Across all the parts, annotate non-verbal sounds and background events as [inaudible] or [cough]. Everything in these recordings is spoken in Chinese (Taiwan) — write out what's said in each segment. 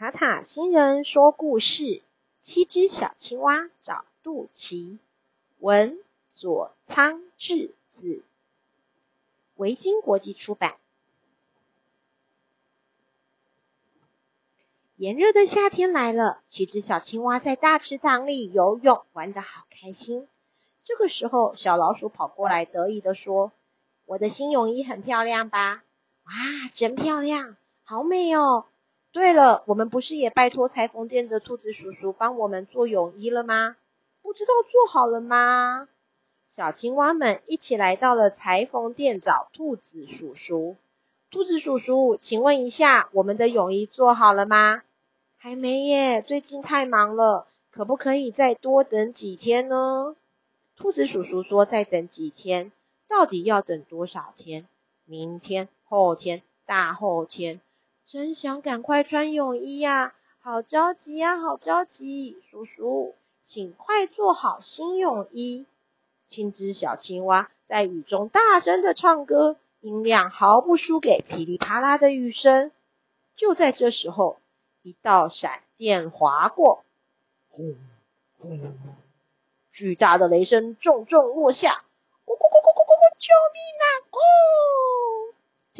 塔塔星人說故事：七隻小青蛙找肚臍。文佐倉智子，維京國際出版。炎熱的夏天來了，七隻小青蛙在大池塘裡游泳，玩得好開心。這個時候，小老鼠跑過來，得意的說：“我的新泳衣很漂亮吧？哇，真漂亮，好美哦！”對了，我們不是也拜託裁縫店的兔子叔叔幫我們做泳衣了嗎？不知道做好了嗎？小青蛙們一起來到了裁縫店找兔子叔叔。兔子叔叔，請問一下，我們的泳衣做好了嗎？還沒耶，最近太忙了，可不可以再多等幾天呢？兔子叔叔說再等幾天，到底要等多少天？明天、後天、大後天。真想趕快穿泳衣呀！啊，好着急呀！啊，好着急！叔叔，請快做好新泳衣。七隻小青蛙在雨中大聲地唱歌，音量毫不輸給噼里啪啦的雨聲。就在這時候，一道閃電劃過，巨大的雷聲重重落下，咕咕咕咕咕咕咕，救命啊！哦！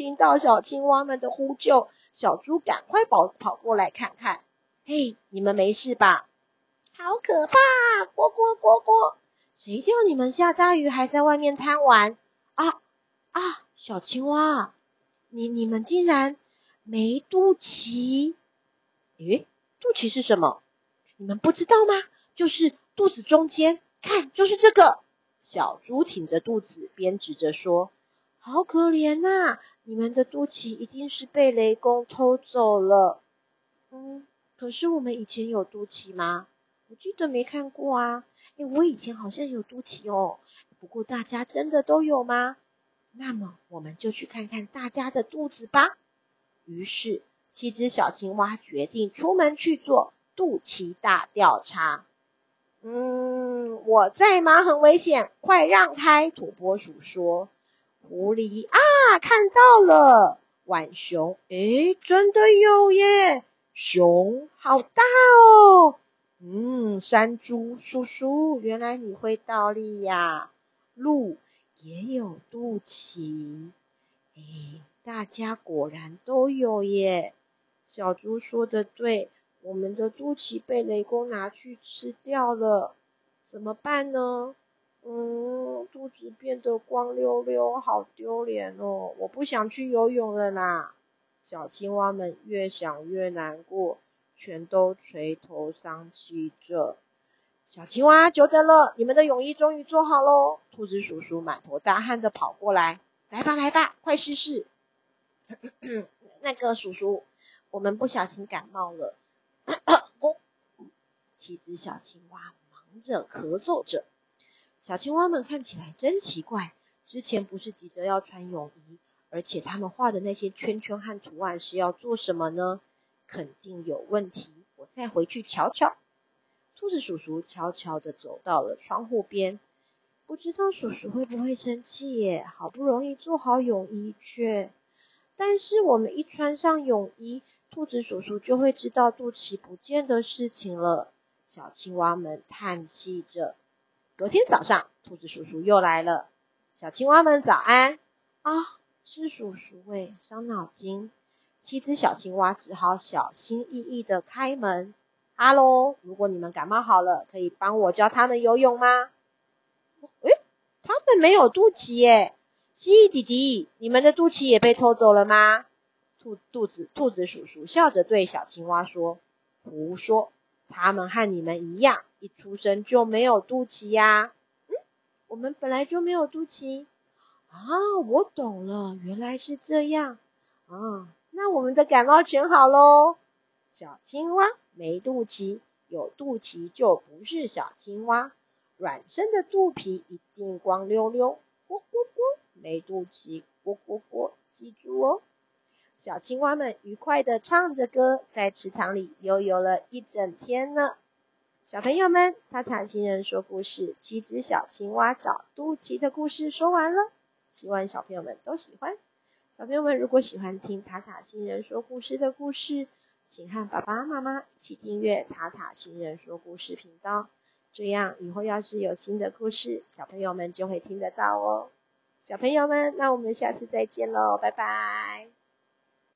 聽到小青蛙們的呼救，小豬趕快跑跑過來看看。嘿，你們沒事吧？好可怕！呱呱呱呱！誰叫你們下大雨還在外面貪玩？啊啊！小青蛙，你你們竟然沒肚臍？咦，肚臍是什麼？你們不知道嗎？就是肚子中間，看，就是這個。小豬挺着肚子邊指着說：“好可憐吶、啊！”你們的肚臍一定是被雷公偷走了。嗯，可是我們以前有肚臍嗎？我記得沒看過啊。哎，我以前好像有肚臍哦，不過大家真的都有嗎？那麼我們就去看看大家的肚子吧。於是七隻小青蛙決定出門去做肚臍大調查。嗯，我在嗎？很危險，快讓開！土撥鼠說。狐狸啊，看到了，浣熊，欸，真的有耶，熊好大哦，嗯，山豬叔叔，原來你會倒立呀，鹿也有肚臍，欸，大家果然都有耶，小豬說得對，我們的肚臍被雷公拿去吃掉了，怎麼辦呢？嗯，肚子變得光溜溜，好丟臉哦！我不想去游泳了啦。小青蛙們越想越難過，全都垂頭喪氣着。小青蛙，久等了，你們的泳衣終於做好嘍！兔子叔叔滿頭大汗的跑過來，來吧，來吧，快試試。 [coughs] 那個叔叔，我們不小心感冒了。 [coughs] 七隻小青蛙忙着咳嗽着。小青蛙們看起來真奇怪。之前不是急着要穿泳衣，而且他們畫的那些圈圈和圖案是要做什麼呢？肯定有問題，我再回去瞧瞧。兔子叔叔悄悄地走到了窗戶邊，不知道叔叔會不會生氣耶？好不容易做好泳衣卻……但是我們一穿上泳衣，兔子叔叔就會知道肚臍不見的事情了。小青蛙們嘆氣着。昨天早上，兔子叔叔又來了。小青蛙們早安啊！是、哦、叔叔喂、欸，傷腦筋。七隻小青蛙只好小心翼翼地開門。哈、啊、嘍，如果你們感冒好了，可以幫我教他們游泳嗎？誒，他們沒有肚臍耶！蜥蜴弟弟，你們的肚臍也被偷走了嗎？兔兔子兔子叔叔笑着對小青蛙說：“胡說。”他們和你們一樣，一出生就沒有肚臍呀、啊。嗯，我們本來就沒有肚臍。啊，我懂了，原來是這樣啊。那我們的感冒全好咯。小青蛙沒肚臍，有肚臍就不是小青蛙。卵生的肚皮一定光溜溜。咕咕咕，沒肚臍。咕咕咕，記住哦。小青蛙們愉快地唱着歌，在池塘裡游泳了一整天呢。小朋友們，塔塔星人說故事《七隻小青蛙找肚臍》的故事說完了，希望小朋友們都喜歡。小朋友們如果喜歡聽塔塔星人說故事的故事，請和爸爸媽媽一起訂閱塔塔星人說故事頻道，這樣以後要是有新的故事，小朋友們就會聽得到哦。小朋友們，那我們下次再見嘍，拜拜。